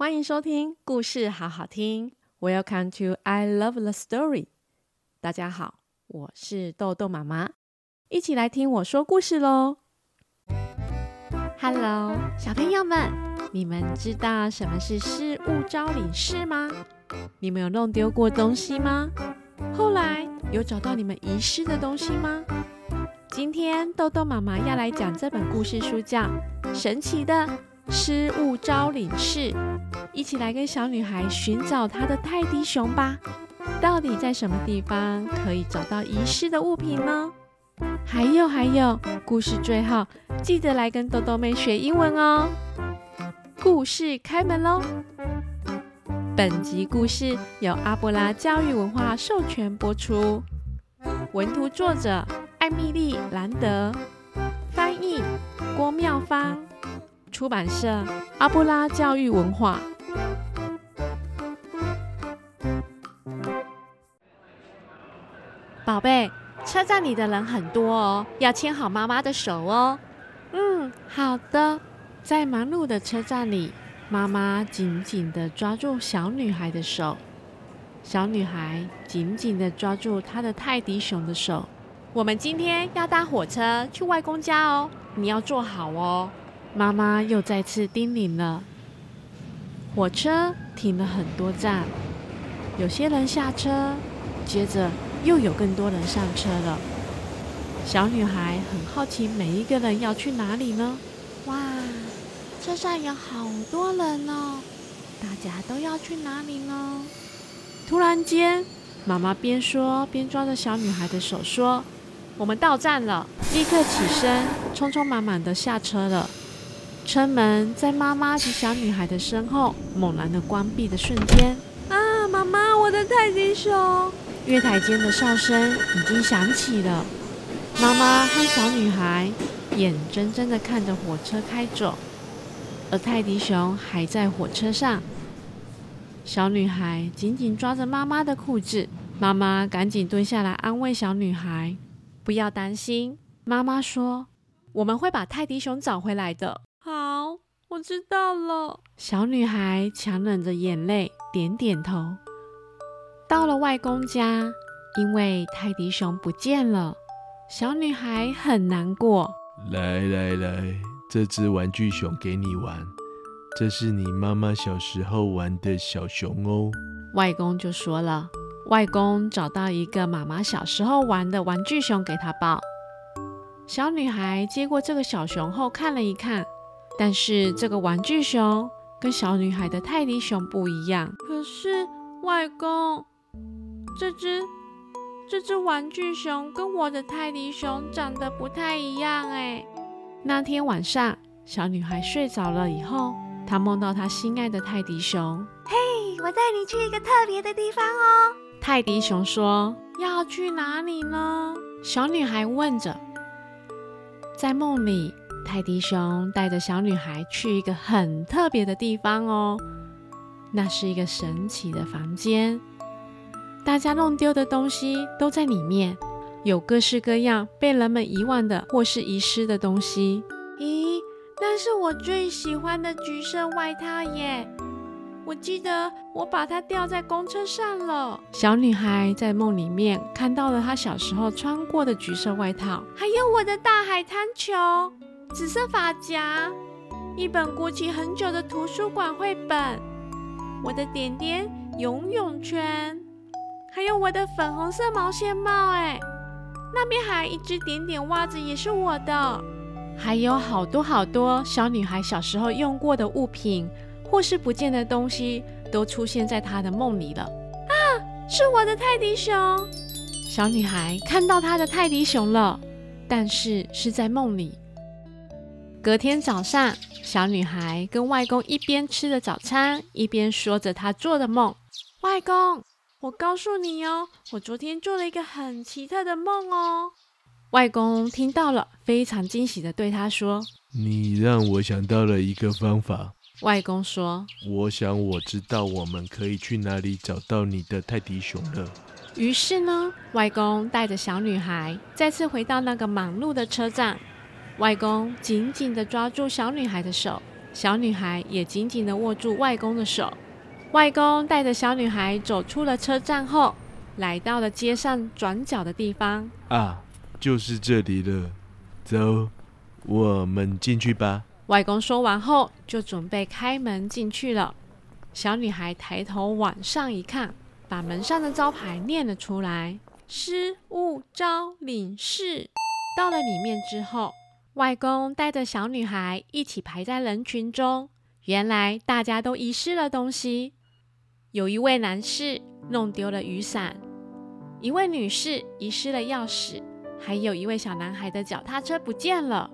歡迎收聽故事，好好聽。Welcome to I love the story。大家好，我是豆豆媽媽，一起來聽我說故事嘍。Hello，小朋友們，你們知道什麼是失物招領室嗎？你們有弄丟過東西嗎？後來有找到你們遺失的東西嗎？今天豆豆媽媽要來講這本故事書，叫《神奇的》。失物招領室，一起來跟小女孩尋找她的泰迪熊吧。到底在什麼地方可以找到遺失的物品呢？還有還有，故事最後記得來跟豆豆妹學英文哦。故事開門嘍！本集故事由阿布拉教育文化授權播出。文圖作者愛蜜莉·蘭德，翻譯郭妙芳。出版社：阿布拉教育文化。寶貝，車站裡的人很多哦，要牽好媽媽的手哦。嗯，好的。在忙碌的車站裡，媽媽緊緊地抓住小女孩的手，小女孩緊緊地抓住她的泰迪熊的手。我們今天要搭火車去外公家哦，你要坐好哦。媽媽又再次叮嚀了。火車停了很多站，有些人下車，接着又有更多人上車了。小女孩很好奇，每一個人要去哪裡呢？哇，車上有好多人哦，大家都要去哪裡呢？突然間，媽媽邊說邊抓着小女孩的手說：“我們到站了。”立刻起身，匆匆忙忙的下車了。車門在媽媽及小女孩的身後猛然的關閉的瞬間，啊！媽媽，我的泰迪熊！月台間的哨聲已經響起了。媽媽和小女孩眼睜睜地看着火車開走，而泰迪熊還在火車上。小女孩緊緊抓着媽媽的褲子，媽媽趕緊蹲下來安慰小女孩：“不要擔心。”媽媽說：“我們會把泰迪熊找回來的。”知道了。小女孩強忍着眼淚，點點頭。到了外公家，因為泰迪熊不見了，小女孩很難過。來來來，這隻玩具熊給你玩，這是你媽媽小時候玩的小熊哦。外公就說了，外公找到一個媽媽小時候玩的玩具熊給她抱。小女孩接過這個小熊後，看了一看。但是這個玩具熊跟小女孩的泰迪熊不一樣。可是外公，這只這只玩具熊跟我的泰迪熊長得不太一樣哎。那天晚上，小女孩睡着了以後，她夢到她心愛的泰迪熊。嘿，我帶你去一個特別的地方哦。泰迪熊說：“要去哪裡呢？”小女孩問着。在夢裡。泰迪熊帶着小女孩去一個很特別的地方哦，那是一個神奇的房間。大家弄丟的東西都在裡面，有各式各樣被人們遺忘的或是遺失的東西。咦、欸，那是我最喜歡的橘色外套耶！我記得我把它掉在公車上了。小女孩在夢裡面看到了她小時候穿過的橘色外套，還有我的大海灘球。紫色髮夾，一本過期很久的圖書館繪本，我的點點游泳圈，還有我的粉紅色毛線帽。哎，那邊還有一只點點襪子，也是我的。還有好多好多小女孩小時候用過的物品，或是不見的東西，都出現在她的夢裡了。啊，是我的泰迪熊！小女孩看到她的泰迪熊了，但是是在夢裡。隔天早上，小女孩跟外公一邊吃着早餐，一邊說着她做的夢。外公，我告訴你哦，我昨天做了一個很奇特的夢哦。外公聽到了，非常驚喜的對她說：“你讓我想到了一個方法。”外公說：“我想我知道我們可以去哪裡找到你的泰迪熊了。”於是呢，外公帶着小女孩再次回到那個忙碌的車站。外公緊緊地抓住小女孩的手，小女孩也緊緊地握住外公的手。外公帶着小女孩走出了車站後，後來到了街上轉角的地方。啊，就是這裡了。走，我們進去吧。外公說完後就準備開門進去了。小女孩抬頭往上一看，把門上的招牌念了出來：“失物招領室。”到了裡面之後。外公帶着小女孩一起排在人群中。原來大家都遺失了東西。有一位男士弄丟了雨傘，一位女士遺失了鑰匙，還有一位小男孩的腳踏車不見了。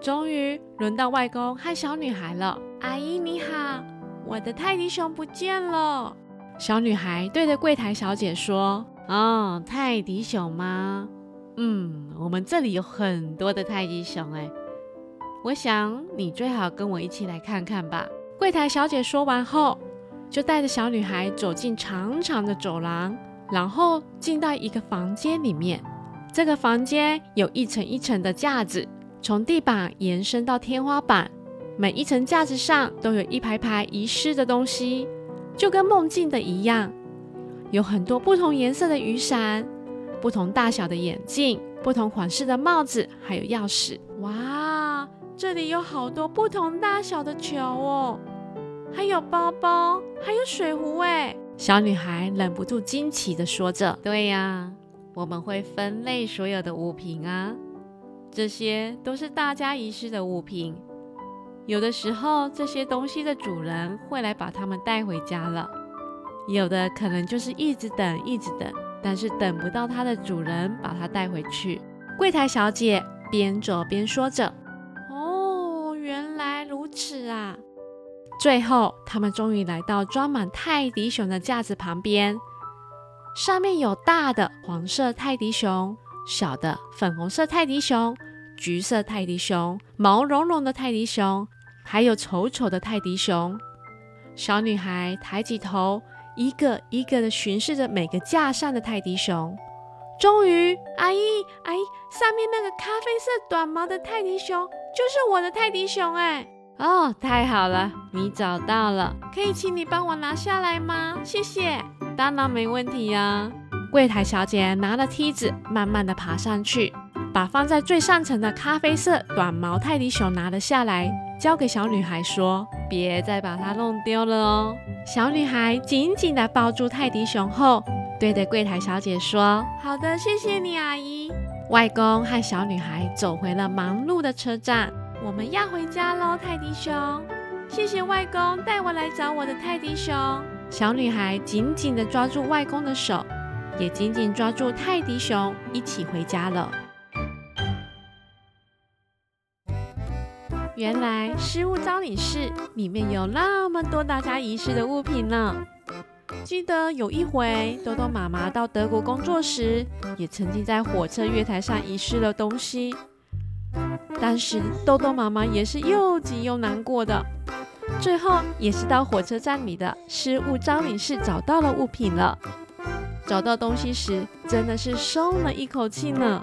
終於輪到外公和小女孩了。阿姨，你好，我的泰迪熊不見了。小女孩對着櫃檯小姐說：“哦，泰迪熊嗎？”嗯，我們這裡有很多的泰迪熊哎、欸，我想你最好跟我一起來看看吧。櫃檯小姐說完後，就帶着小女孩走進長長的走廊，然後進到一個房間裡面。這個房間有一層一層的架子，從地板延伸到天花板，每一層架子上都有一排排遺失的東西，就跟夢境的一樣，有很多不同顏色的雨傘。不同大小的眼鏡，不同款式的帽子，還有鑰匙。哇，這裡有好多不同大小的球哦，還有包包，還有水壺。哎，小女孩忍不住驚奇地說着：“對呀，我們會分類所有的物品啊。這些都是大家遺失的物品，有的時候這些東西的主人會來把它們帶回家了，有的可能就是一直等，一直等。”但是等不到它的主人把它帶回去，櫃檯小姐邊走邊說着：“哦，原來如此啊！”最後，他們終於來到裝滿泰迪熊的架子旁邊，上面有大的黃色泰迪熊、小的粉紅色泰迪熊、橘色泰迪熊、毛茸茸的泰迪熊，還有醜醜的泰迪熊。小女孩抬起頭。一個一個地巡視着每個架上的泰迪熊，終於，阿姨，哎，上面那個咖啡色短毛的泰迪熊就是我的泰迪熊哎！哦，太好了，你找到了，可以請你幫我拿下來嗎？謝謝，當然沒問題呀。櫃檯小姐拿了梯子，慢慢地爬上去。把放在最上層的咖啡色短毛泰迪熊拿了下來，交給小女孩說：“別再把它弄丟了哦。”小女孩緊緊地抱住泰迪熊後，對着櫃台小姐說：“好的，謝謝你，阿姨。”外公和小女孩走回了忙碌的車站。我們要回家嘍，泰迪熊。謝謝外公帶我來找我的泰迪熊。小女孩緊緊地抓住外公的手，也緊緊抓住泰迪熊，一起回家了。原來失物招領室裡面有那麼多大家遺失的物品呢。記得有一回，豆豆媽媽到德國工作時，也曾經在火車月台上遺失了東西。當時豆豆媽媽也是又急又難過的，最後也是到火車站裡的失物招領室找到了物品了。找到東西時，真的是鬆了一口氣呢。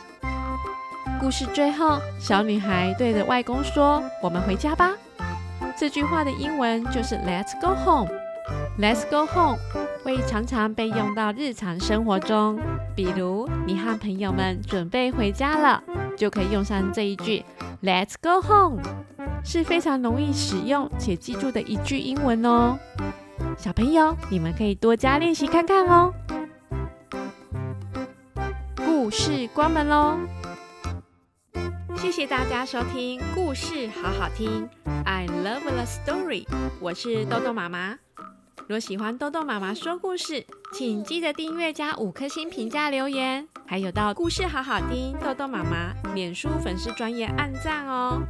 故事最後，小女孩對着外公說：“我們回家吧。”這句話的英文就是 “Let's go home”。Let's go home 會常常被用到日常生活中，比如你和朋友們準備回家了，就可以用上這一句，Let's go home 是非常容易使用且記住的一句英文哦。小朋友，你們可以多加練習看看哦。故事關門嘍。謝謝大家收聽故事好好聽，I love the story。我是豆豆媽媽。若喜歡豆豆媽媽說故事，請記得訂閱加五顆星評價留言，還有到故事好好聽豆豆媽媽臉書粉絲專頁按讚哦，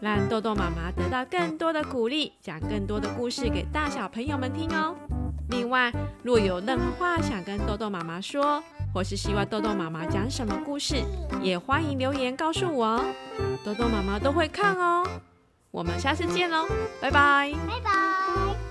讓豆豆媽媽得到更多的鼓勵，講更多的故事給大小朋友們聽哦。另外，若有任何話想跟豆豆媽媽說，或是希望豆豆媽媽講什麼故事，也歡迎留言告訴我哦，豆豆媽媽都會看哦。我們下次見嘍，拜拜，拜拜。